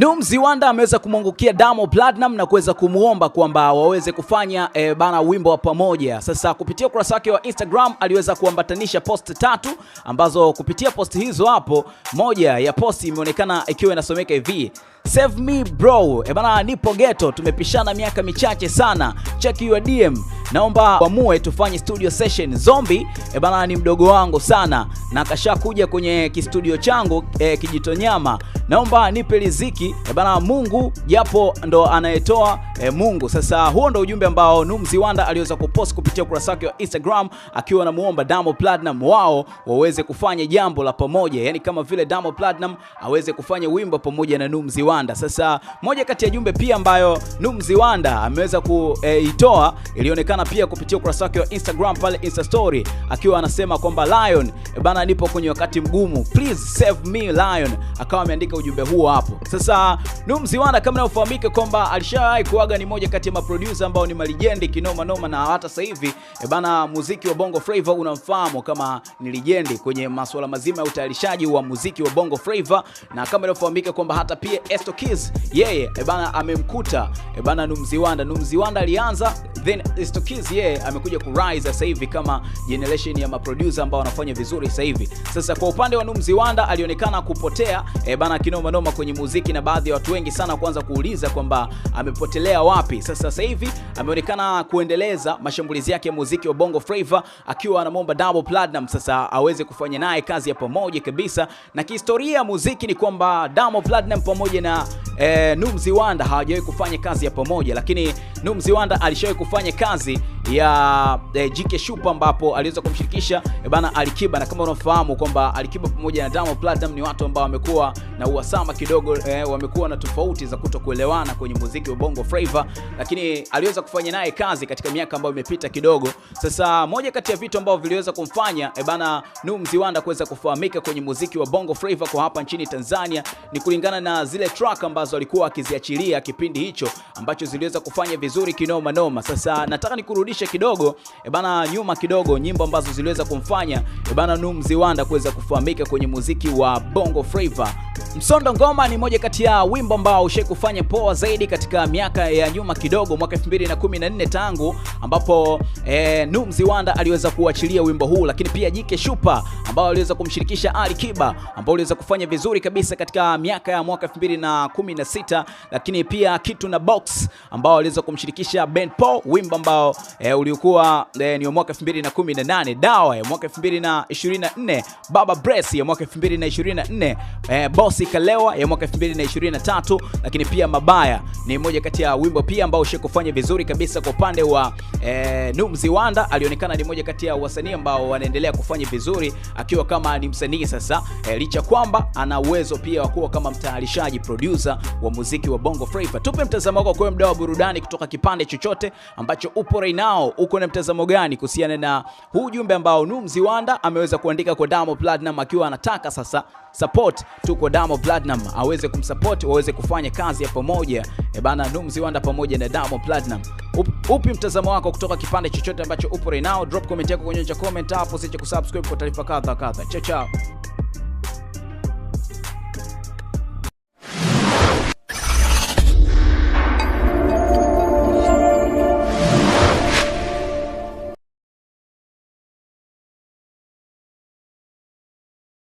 Nuh Mziwanda ameweza kumwangukia Diamond Platnumz na kuweza kumwomba kwamba waweze kufanya e, bana wimbo wa pamoja. Sasa kupitia ukurasa wake wa Instagram aliweza kuambatanisha post tatu ambazo kupitia post hizo hapo, moja ya post imeonekana ikiwa inasomeka hivi Save me bro, e bana, nipo ghetto, tumepishana miaka michache sana. Check your DM, naomba uamue tufanye studio session. Zombie, e bana, ni mdogo wangu sana na kashakuja kwenye kistudio changu e, Kijitonyama naomba nipe riziki e bana, Mungu japo ndo anayetoa e, Mungu. Sasa huo ndo ujumbe ambao numzi wanda aliweza kupost kupitia ukurasa wake wa Instagram akiwa anamuomba damo platinum wao waweze kufanya jambo la pamoja, yani kama vile damo platinum aweze kufanya wimbo pamoja na numzi wanda Sasa moja kati ya jumbe pia ambayo numzi wanda ameweza kuitoa e, ilionekana pia kupitia ukurasa wake wa Instagram pale Insta story akiwa anasema kwamba Lion e bana, nipo kwenye wakati mgumu, please save me Lion, akawa ameandika katika ujumbe huo hapo. Sasa Numziwana kama inayofahamika kwamba alishawahi kuaga, ni moja kati ya maproducer ambao ni malijendi kinoma noma, na hata sasa hivi e bana, muziki wa Bongo Flava unamfahamu kama ni lijendi kwenye masuala mazima ya utayarishaji wa muziki wa Bongo Flava, na kama inayofahamika kwamba hata pia Esto Kids yeye e bana amemkuta e bana Numziwanda. Numziwanda alianza then Esto Kids yeye amekuja ku rise sasa hivi kama generation ya maproducer ambao wanafanya vizuri sasa hivi. Sasa kwa upande wa Numziwanda alionekana kupotea e bana kinoma noma kwenye muziki, na baadhi ya watu wengi sana kuanza kuuliza kwamba amepotelea wapi. Sasa sasa hivi ameonekana kuendeleza mashambulizi yake ya muziki wa Bongo Flava akiwa anamwomba Double Platinum sasa aweze kufanya naye kazi ya pamoja kabisa. Na kihistoria ya muziki ni kwamba Double Platinum pamoja na eh, Wanda hawajawahi kufanya kazi ya pamoja, lakini Wanda alishawahi kufanya kazi ya eh, GK Shupa ambapo aliweza kumshirikisha eh, bana Alikiba, na kama unafahamu kwamba Alikiba pamoja na Diamond Platnumz ni watu ambao wamekuwa na uhasama kidogo eh, wamekuwa na tofauti za kutokuelewana kwenye muziki wa Bongo Flava, lakini aliweza kufanya naye kazi katika miaka ambayo imepita kidogo. Sasa moja kati ya vitu ambavyo viliweza kumfanya eh, bana Nuh Mziwanda kuweza kufahamika kwenye muziki wa Bongo Flava kwa hapa nchini Tanzania ni kulingana na zile track ambazo alikuwa akiziachilia kipindi hicho ambacho ziliweza kufanya vizuri kinoma noma. Sasa nataka nikurudishe turudishe kidogo e bana nyuma kidogo, nyimbo ambazo ziliweza kumfanya e bana Numziwanda kuweza kufahamika kwenye muziki wa Bongo Flava Msondo Ngoma ni moja kati ya wimbo ambao ushai kufanya poa zaidi katika miaka ya nyuma kidogo, mwaka 2014 tangu ambapo e, eh, Numzi Wanda aliweza kuachilia wimbo huu, lakini pia Jike Shupa ambao aliweza kumshirikisha Ali Kiba ambao aliweza kufanya vizuri kabisa katika miaka ya mwaka 2016, lakini pia Kitu na Box ambao aliweza kumshirikisha Ben Paul, wimbo ambao e, uliokuwa e, ni mwaka 2018, Dawa ya mwaka 2024, Baba Bless ya mwaka 2024, e, Mikosi Kalewa ya mwaka 2023, lakini pia Mabaya ni moja kati ya wimbo pia ambao ushakufanya vizuri kabisa kwa upande wa e, eh, Numzi Wanda alionekana ni moja kati ya wasanii ambao wanaendelea kufanya vizuri akiwa kama ni msanii sasa, e, licha kwamba ana uwezo pia wa kuwa kama mtayarishaji producer wa muziki wa Bongo Flava. Tupe mtazamo wako kwa mdau wa burudani kutoka kipande chochote ambacho upo right now, uko na mtazamo gani kuhusiana na huu ujumbe ambao Numzi Wanda ameweza kuandika kwa Diamond Platnumz akiwa anataka sasa support tuko damo Platinum aweze kumsupport waweze kufanya kazi ya pamoja e bana, Numzi Wanda pamoja na damo Platinum. Up, upi mtazamo wako kutoka kipande chochote ambacho upo right now? Drop comment yako kwenye comment hapo, usiache kusubscribe kwa taarifa kadha kadha. Chao chao.